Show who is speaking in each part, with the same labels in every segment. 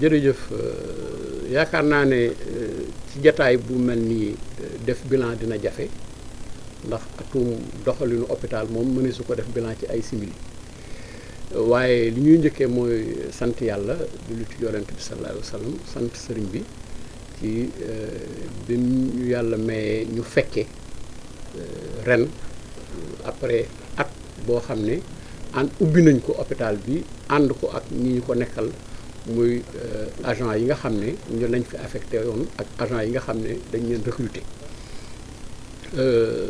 Speaker 1: jërëjëf euh, yaakaar naa ne euh, ci jataay bu mel nii euh, def bilan dina jafe ndax atum doxalinu hôpital moom mëne su ko def bilan ci ay simili waaye li ñuy njëkkee mooy sant yàlla julli ci yonent bi sallallahu alayhi sant sëriñ bi ci bi ñu yàlla mayee ñu fekke ren après at boo xam ne ànd ubbi nañ ko hôpital bi ànd ko ak ñi ñu ko nekkal muy euh, agent yi nga xam ne ñu lañ fi affecté woon ak agent yi nga xam ne dañ leen recruter euh,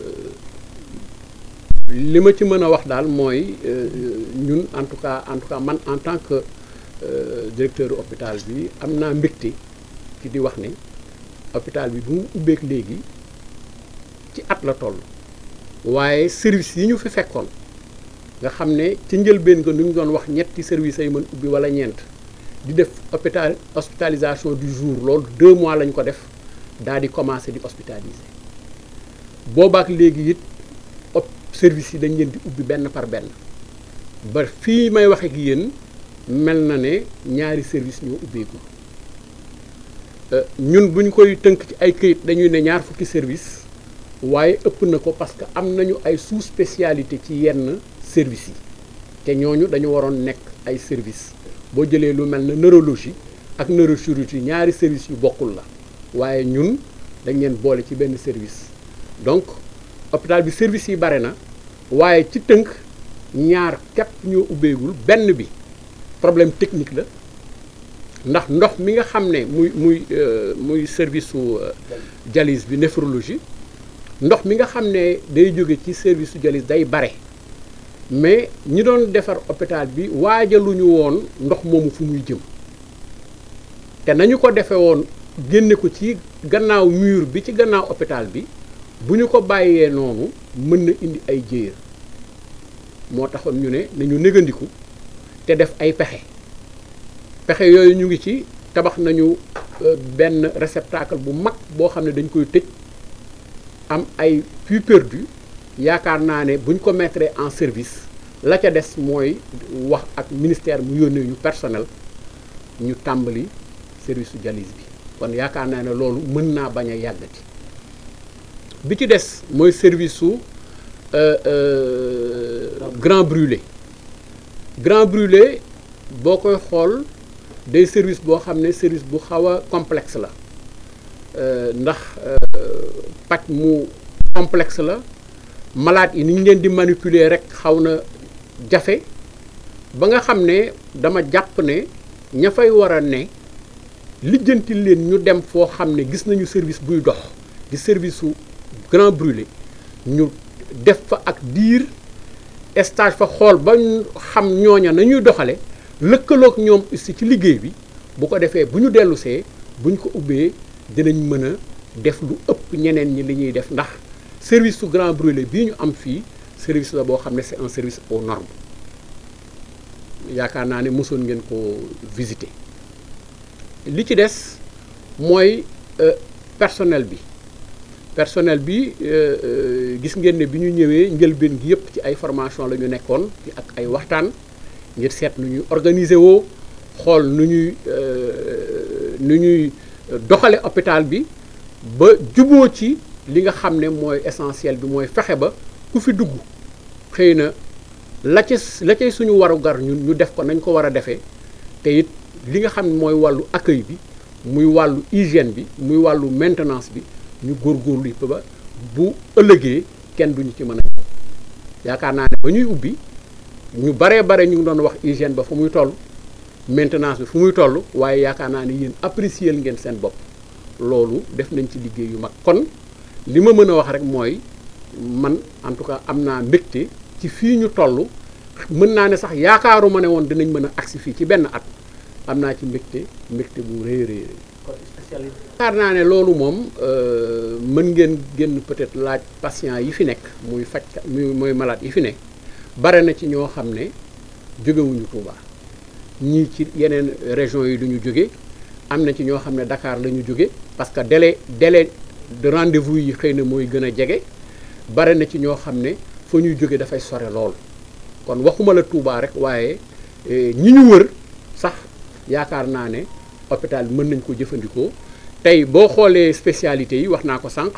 Speaker 1: li ma ci mën a wax daal mooy euh, ñun en tout cas en tout cas man en tant que directeur hôpital bi am naa mbégte ci di wax ni hôpital bi bu mu ubbeek léegi ci at la toll waaye service yi ñu fi fekkoon nga xam ne ci njëlbeen ko ni ñu doon wax ñetti service ay mën ubbi wala ñeent di def hôpital hospitalisation du jour lool deux mois lañ ko def daal di commencé di hospitaliser boobaak léegi it op service yi dañ leen ubbi benn par benn ba fii may wax ak mel na ne ñaari service ñoo ubbeeku euh, ñun bu ñu koy tënk ci ay këyit dañuy ne ñaar fukki service waaye ëpp na ko parce que am nañu ay sous spécialité ci yenn service yi te ñooñu dañu waroon nekk ay service boo jëlee lu mel ne neurologie ak neurochirurgie ñaari service yu bokkul la waaye ñun dañ leen boole ci benn service donc hôpital bi service yi bare na waaye ci tënk ñaar képp ñoo ubbeegul benn bi problème technique la ndax ndox mi nga xam ne muy muy euh, muy service su euh, dialyse bi néphrologie ndox mi nga xam ne day jóge ci service su dialyse day bare mais ñi doon defar hôpital bi waajaluñu woon ndox moomu fu muy jëm te nañu ko defe woon génne ko ci gannaaw mur bi ci gannaaw hôpital bi bu ñu ko bàyyee noonu mën na indi ay jéer moo taxoon ñu ne nañu négandiku te def ay pexe pexe yooyu ñu ngi ci tabax nañu euh, benn réceptacle bu mag boo xam ne dañ koy tëj am ay puits perdus yaakaar naa ne buñ ko mettre en service la ca des mooy wax ak ministère mu yónnee ñu personnel ñu tàmbali service su dialyse bi kon yaakaar naa ne loolu mën naa bañ a yàggati bi ci des mooy service su euh, euh, grand brûlé grand brûlé boo koy xool day service boo xam ne service bu xaw a complexe la euh, ndax paj mu complexe la malaat yi niñ leen di manipuler rek xaw na jafe ba nga xam ne dama jàpp ne ña fay war ne lijjanti leen ñu dem foo xam ne gis nañu service buy dox di service su Grand Brûlé ñu def fa ak diir stage fa xool ba xam ñooña nañuy doxale lëkkalook ñoom aussi ci liggéey bi bu ko defee bu ñu dellusee bu ñu ko ubbee dinañ mën a def lu ëpp ñeneen ñi li ñuy def ndax service su grand brûlé bii ñu am fii service la boo xam ne c'est un service aux normes yaakaar naa ne mosoon ngeen ko visiter li ci des mooy euh, personnel bi personnel bi euh, euh, gis ngeen ne bi ñu ñëwee njëlbeen gi yëpp ci ay formation lañu nekkoon ci ak ay waxtaan ngir seet nu ñuy organiser woo xool nu ñuy nu ñuy doxale hôpital bi ba juboo ci li nga xam ne mooy essentiel bi mooy fexe ba ku fi dugg xëy na la ca la cay suñu warugar ñun ñu def ko nañ ko war a defee te it li nga xam ne mooy wàllu accueil bi muy wàllu hygiène bi muy wàllu maintenance bi ñu góorgóorlu yëpp ba bu ëllëgee kenn du ñu ci mën a yaakaar naa ne ba ñuy ubbi ñu baree bare ñu ngi doon wax hygiène ba fu muy toll maintenance bi fu muy toll waaye yaakaar naa ne yéen apprécier ngeen seen bopp loolu def nañ ci liggéey yu mag kon li ma mën a wax rek mooy man en tout cas am naa mbégte ci fii ñu toll mën naa ne sax yaakaaru ma ne woon dinañ mën a agsi fii ci benn at am naa ci mbégte mbégte bu rëy rëy rëy yaakaar naa ne loolu moom euh, mën ngeen génn peut-être laaj patient yi fi nekk muy faj muy mooy malade yi fi nekk bare na ci ñoo xam ne jógewuñu Touba ñii ci yeneen région yi du ñu jóge am na ci ñoo xam ne dakaar lañu jóge parce que dele délai de rendez yi xëy na mooy gën a jege bare na ci ñoo xam ne foo ñuy jóge dafay sore lool kon waxuma la Touba rek waaye eh, ñi ñu wër sax yaakaar naa ne hôpital bi mën nañ ko jëfandikoo tey boo xoolee spécialités yi wax naa ko sànq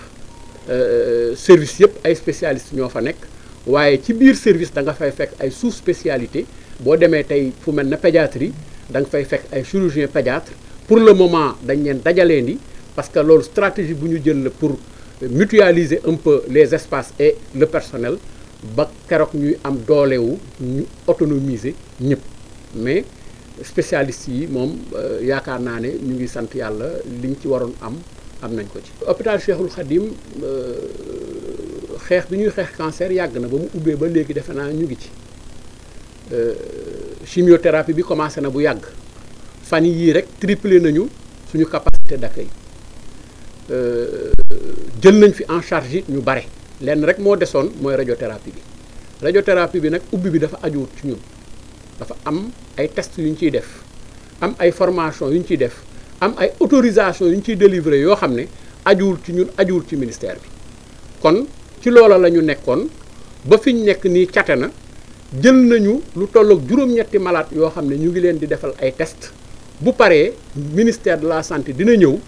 Speaker 1: euh, euh, service yëpp ay spécialistes ñoo fa nekk waaye ci biir service da nga fay fekk ay sous spécialité boo demee tey fu mel na pédiatrie da nga fay fekk ay chirurgien pédiatre pour le moment dañ leen dajaleen di parce que loolu stratégie bu ñu jël la pour mutualiser un les espaces et le personnel ba keroog ñuy am doolewu ñu autonomiser ñëpp mais spécialistes yi moom euh, yaakaar naa ne ñu ngi sant yàlla liñ ci waroon am am nañ ko ci. hôpital Cheikhul Khadim euh, xeex bi ñuy xeex cancer yàgg na ba mu ubbee ba léegi defe naa ñu ngi ci euh, chimiothérapie bi commencé na bu yàgg fan yii rek triplé nañu suñu capacité yi Euh, jël nañ fi en charge it ñu bare lenn rek moo desoon mooy radiothérapie bi radiothérapie bi nag ubbi bi dafa ajuwut ci ñun dafa am ay tests yu ñu ciy def am ay formation yu ñu ciy def am ay autorisation yu ñu ciy délivré yoo xam ne ajuwul ci ñun ajuwul ci ministère bi kon ci loola la ñu nekkoon ba fi ñu nekk nii cate na jël nañu lu tolloog juróom-ñetti malade yoo xam ne ñu ngi leen di defal ay test bu paree ministère de la santé dina ñëw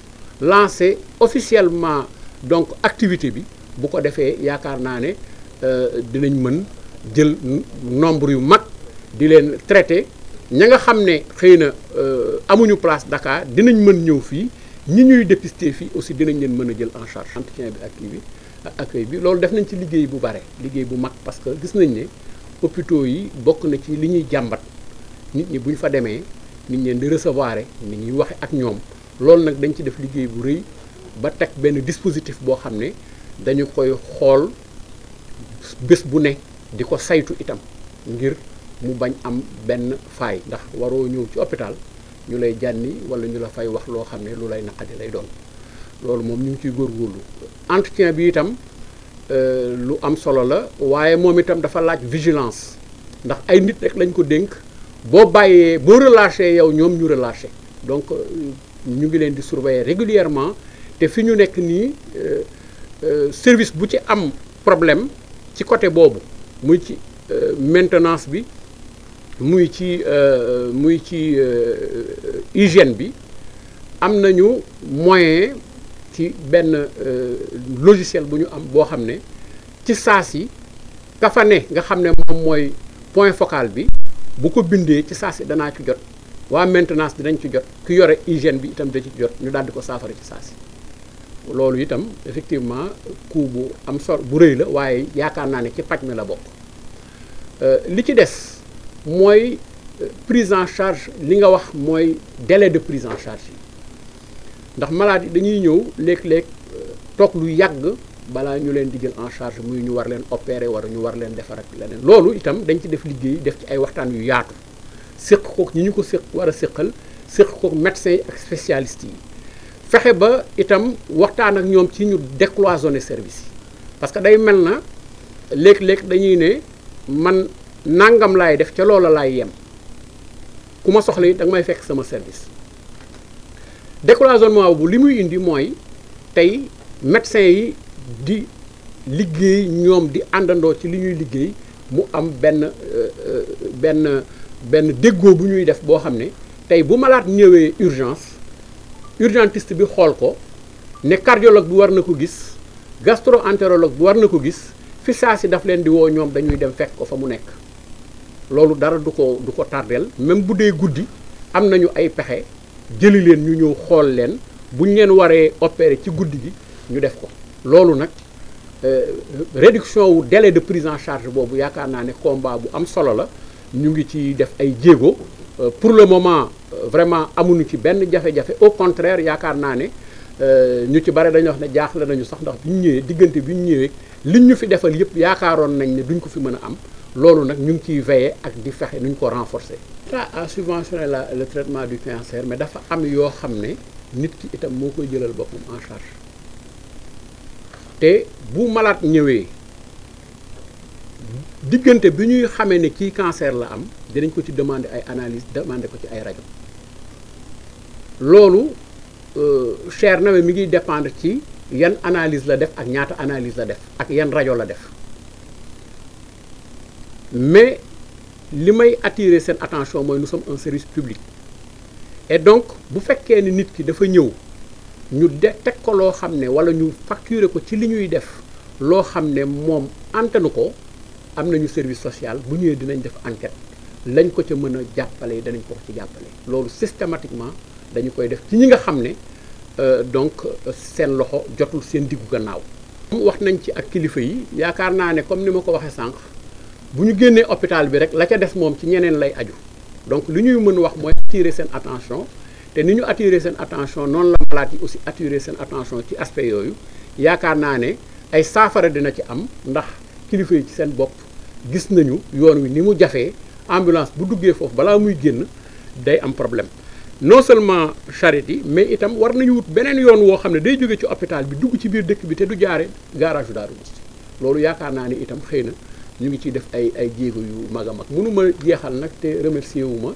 Speaker 1: lancer officiellement donc activité bi bu ko defee yaakaar naa ne euh, dinañ mën jël nombre yu mag di leen traité ña nga xam ne xëy na euh, amuñu place Dakar dinañ mën ñëw fii ñi ñuy dépister fii aussi dinañ leen mën a jël en charge entretien bi ak bi accueil bi loolu def nañ ci liggéey bu bare liggéey bu mag parce que gis nañ ne hôpitaux yi bokk na ci li ñuy jàmbat nit ñi bu ñu fa demee nit ñeen di recevoir nit ñuy waxe ak ñoom loolu nag dañ ci def liggéey bu rëy ba teg benn dispositif boo xam ne dañu koy xool bés bu ne di ko saytu itam ngir mu bañ am benn faay ndax waroo ñëw ci hôpital ñu lay jànni wala ñu la fay wax loo xam ne lu lay naqadi lay doon loolu moom ñu ngi ciy góorgóorlu entretien bi itam euh, lu am solo la waaye moom itam dafa laaj vigilance ndax ay nit rek lañ ko dénk boo bàyyee boo relâché yow ñoom ñu relâché donc euh, ñu ngi leen di surveiller régulièrement te fi ñu nekk nii euh, euh, service bu ci am problème ci côté boobu muy ci euh, maintenance bi muy ci muy ci hygiène bi am nañu moyen ci benn logicielle bu ñu am boo xam ne ci saas yi ka nga xam ne am mooy point focal bi bu ko bindee ci saas yi danaa ci jot waa maintenance dinañ ci jot ku yore hygiène bi itam da ci jot ñu daal di ko saafara ci saa si loolu itam effectivement coût bu am sol bu rëy la waaye yaakaar naa ne ci paj mi la bokk euh, li ci des mooy euh, prise en charge li nga wax mooy délai de prise en charge yi ndax malade yi dañuy ñëw léeg-léeg euh, toog lu yàgg balaa ñu leen di jël en charge muy ñu war leen opérer war ñu war leen defar ak leen loolu itam dañ ci def liggéey def ci ay waxtaan yu yaatu séq kook ñi ñu ko séq war a séqal séq kook médecins yi ak spécialistes yi fexe ba itam waxtaan ak ñoom ci ñu décloisonner service yi parce que day mel na léeg-léeg dañuy ne man nangam laay def ca loola laay yem ku ma soxla yi da may fekk sama service décloisonnement bu li muy indi mooy tey médecins yi di liggéey ñoom di àndandoo ci li ñuy liggéey mu am benn euh, euh, benn benn déggoo bu ñuy def boo xam ne tey bu malaat ñëwee urgence urgentiste bi xool ko ne cardiologue bi war na ko gis gastro-entérologue bi war na ko gis fi saa si daf leen di woo ñoom dañuy dem fekk ko fa mu nekk loolu dara du ko du ko tardeel même bu dee guddi am na ñu ay pexe jëli leen ñu ñëw xool leen buñ leen waree opérer ci guddi gi ñu def ko loolu nag euh, réduction wu délai de prise en charge boobu yaakaar naa ne combat bu am solo la ñu ngi ci def ay jéego euh, pour le moment euh, vraiment amuñu ci benn jafe-jafe au contraire yaakaar naa ne euh, ñu ci bare dañuy wax ne jaaxle nañu sax ndox bi ñu ñëwee diggante bi ñu ñëwee li ñu fi defal yëpp yaakaaroon nañ ne duñ ko fi mën a am loolu nag ñu ngi ciy veiller ak di fexe nuñ ko renforcer. à subventionner la le traitement du cancer mais dafa am yoo xam ne nit ki itam moo koy jëlal boppam en charge te bu malaat ñëwee. diggante bi ñuy xamee ni kii cancer la am dinañ ko ci demander ay analyse demander ko ci ay rajo loolu euh, cher na mi ngi dépendre ci yan analyse la def ak ñaata analyse la def ak yan rajo la def mais li may attirer seen attention mooy nous sommes un service public et donc bu fekkee ni nit ki dafa ñëw ñu de teg ko loo xam ne wala ñu facturer ko ci li ñuy def loo xam ne moom antanu ko am nañu service social bu ñëwee dinañ def enquête lañ ko ca mën a jàppale danañ ko ci jàppale loolu systématiquement dañu koy def ci ñi nga xam ne euh, donc seen loxo jotul seen diggu gannaaw. wax nañ ci ak kilifa yi yaakaar naa ne comme ni ma ko waxee sànq bu ñu génnee hôpital bi rek la ca des moom ci ñeneen lay aju donc li ñuy mën wax mooy attirer seen attention te ni ñu attirer seen attention noonu la malaat yi aussi attirer seen attention ci aspect yooyu yaakaar naa ne ay saafara dina ci am ndax. kilifa yi ci seen bopp gis nañu yoon wi ni mu jafee ambulance bu duggee foofu balaa muy génn day am problème non seulement charrette yi mais itam war nañu wut beneen yoon woo xam ne day jóge ci hôpital bi dugg ci biir dëkk bi te du jaare garage Daaru Musti loolu yaakaar naa ni itam xëy na ñu ngi ciy def ay ay jéego yu mag a mag mënuma jeexal nag te remercier wu ma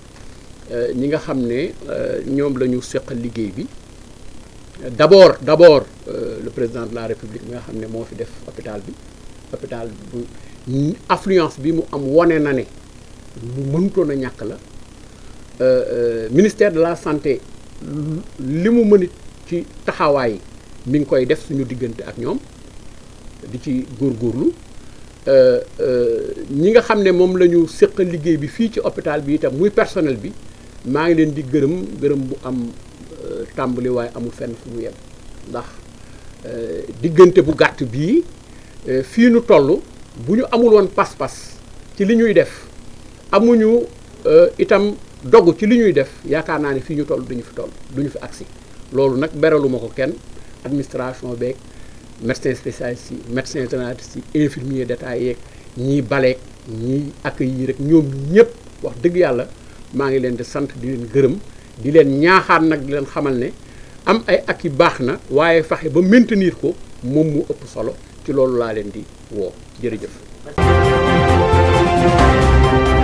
Speaker 1: euh, ñi nga xam ne euh, ñoom lañu ñu liggéey bi d'abord d'abord euh, le président de la république mi nga xam ne moo fi def bi hôpital bu affluence bi mu am wone na ne mu mënutoon ñàkk la euh, euh, ministère de la santé li mu mënit ci taxawaay mi ngi koy def suñu diggante ak ñoom di ci góor góorgóorlu euh, ñi nga xam ne moom la ñu séq liggéey bi fii ci hôpital bi itam muy personnel bi maa ngi leen di gërëm gërëm bu am tàmbali waaye amul fenn fu mu yem ndax diggante bu gàtt bii Euh, fii nu toll bu ñu amul woon pas-pas ci li ñuy def amuñu euh, itam dogg ci li ñuy def yaakaar naa ne fii ñu toll duñu fi toll duñu fi agsi loolu nag beraluma ko kenn administration beeg médecin spécialiste yi médecin généraliste yi infirmier d'état yeeg ñiy ñii ñiy accueillir rek ñoom ñëpp wax dëgg yàlla maa ngi leen di sant di leen gërëm di leen ñaaxaat nag di leen xamal ne am ay ak yi baax na waaye faxe ba maintenir ko moom mu ëpp solo ci loolu laa leen di woo jërëjëf